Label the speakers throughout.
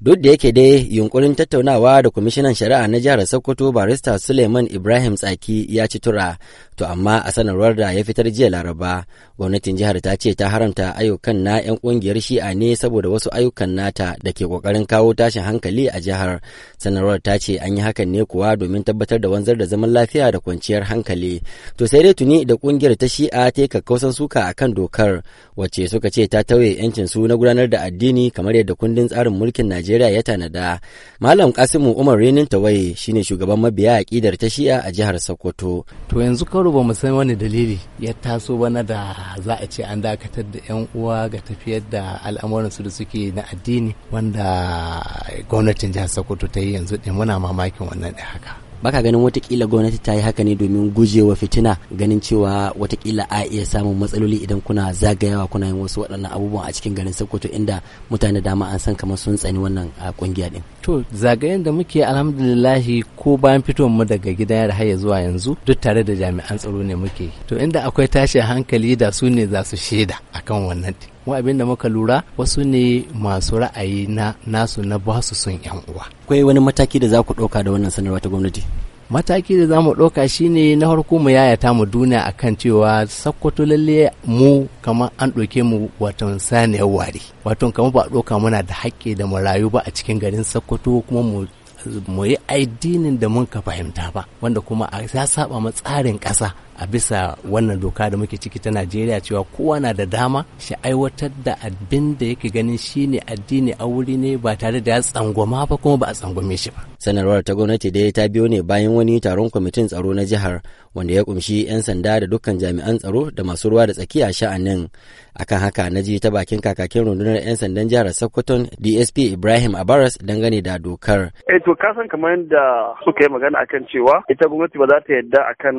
Speaker 1: duk da yake dai yunkurin tattaunawa da kwamishinan shari'a na jihar sokoto barista suleiman ibrahim tsaki ya ci tura To amma a sanarwar da ya fitar jiya Laraba, gwamnatin jihar ta ce ta haramta ayyukan na 'yan kungiyar Shi'a ne saboda wasu ayyukan nata da ke kokarin kawo tashin hankali a jihar. Sanarwar ta ce an yi hakan ne kuwa domin tabbatar da wanzar da zaman lafiya da kwanciyar hankali. To sai dai tuni da kungiyar ta Shi'a ta yi kakkausan suka a kan dokar, wacce suka ce ta tauye 'yancin su na gudanar da addini kamar yadda kundin tsarin mulkin Najeriya ya tanada. Malam Kasimu Umar Renin Tawaye shine shugaban mabiya aƙidar ta Shi'a
Speaker 2: a jihar Sokoto. To yanzu yaro ba mu san wani dalili ya taso bana da za a ce an dakatar da 'yan uwa ga tafiyar da al'amuran su da suke na addini wanda gwamnatin jihar sokoto ta yi yanzu ɗin muna mamakin wannan da haka baka ganin watakila
Speaker 1: gwamnati ta yi haka ne domin guje wa fitina ganin cewa watakila a iya samun matsaloli idan kuna zagayawa kuna yin wasu waɗannan abubuwan a cikin garin sokoto inda mutane dama an san kamar sun tsani wannan
Speaker 2: kungiya din to zagayen da muke alhamdulillahi ko bayan fitowar mu daga gida yara har zuwa yanzu duk tare da jami'an tsaro ne muke to inda akwai tashi hankali da su ne za su shaida akan wannan mu abin da muka lura wasu ne masu ra'ayi na nasu na basu son yan uwa akwai wani mataki da za ku ɗauka da wannan sanarwa ta gwamnati mataki da za mu ɗauka shine na farko mu yayata mu duniya akan cewa sakkwato lalle mu kamar an ɗauke mu watan saniyar ware wato kamar ba a ɗauka muna da haƙƙi da mu rayu ba a cikin garin sakkwato kuma mu mu yi addinin da mun ka fahimta ba wanda kuma ya saba ma tsarin ƙasa a bisa wannan doka da muke ciki ta najeriya cewa kowa na da dama shi aiwatar da abin da yake ganin shine addini a wuri ne ba tare da ya tsangwama ba kuma ba a tsangwame shi ba
Speaker 1: sanarwar ta gwamnati dai ta biyo ne bayan wani taron kwamitin tsaro na jihar wanda ya kumshi 'yan sanda da dukkan jami'an tsaro da masu ruwa da tsakiya sha'anin akan haka na ji ta bakin kakakin rundunar 'yan sandan jihar sokoton dsp ibrahim abaras dangane da dokar
Speaker 3: eh to Ka san kamar yadda suka yi magana akan cewa ita gwamnati ba za ta yadda akan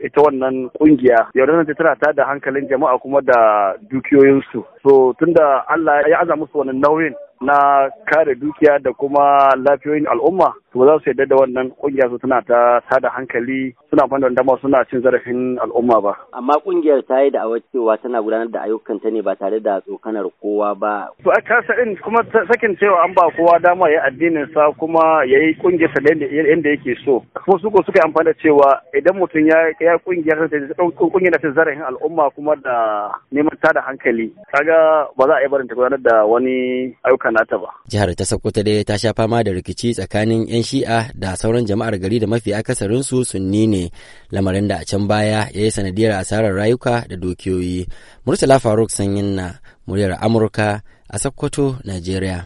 Speaker 3: ita wannan kungiya yaudarar ta tana da hankalin jama'a kuma da dukiyoyinsu so tunda Allah ya aza musu wannan nauyin na kare dukiya da kuma lafiyoyin al'umma to ba za su yarda da wannan kungiya su tana ta tada hankali suna fanda dama suna cin zarafin al'umma ba.
Speaker 1: Amma kungiyar ta yi da'awar cewa tana gudanar da ayyukanta ne ba tare da tsokanar kowa ba.
Speaker 3: To a kasa in kuma sakin cewa an ba kowa dama ya addinin sa kuma ya yi kungiyar sa yadda yake so. Kuma su ko suka yi amfani da cewa idan mutum ya ya kungiyar kungiyar ta zarafin al'umma kuma da neman tada hankali. Kaga ba za a yi barin ta gudanar da wani ayyuka nata ba.
Speaker 1: Jihar ta Sokoto dai ta sha fama da rikici tsakanin 'yan shi'a da sauran jama'ar gari da mafi akasarinsu sunni ne lamarin da a can baya ya yi sanadiyar asarar rayuka da dukiyoyi murtala faruk sanyin na muryar amurka a sokoto najeriya